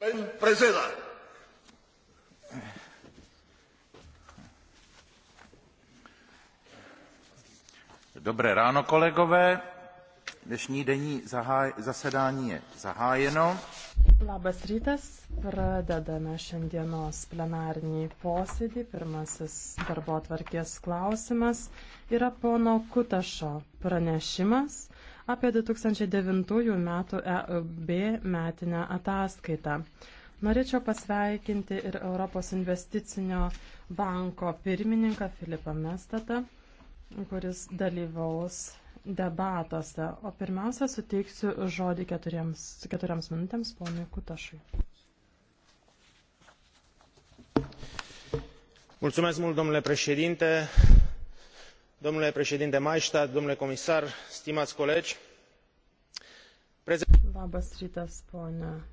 Pani prezydent! Dobré ráno, kolegové. Dnešní denní zahaj, zasedání je zahájeno. Labas rytas. Pradedame šiandienos plenarinį posėdį. Pirmasis darbo atvarkės klausimas yra pono Kutašo pranešimas apie 2009 metų EUB metinę ataskaitą. Norėčiau pasveikinti ir Europos investicinio banko pirmininką Filipą Mestatą, kuris dalyvaus debatuose. O pirmiausia, suteiksiu žodį keturiems, keturiems minutėms ponui Kutašui. Mulțumesc mult, domnule președinte domnule preedinte maystadt domnule comisar stimai colegi prezentarea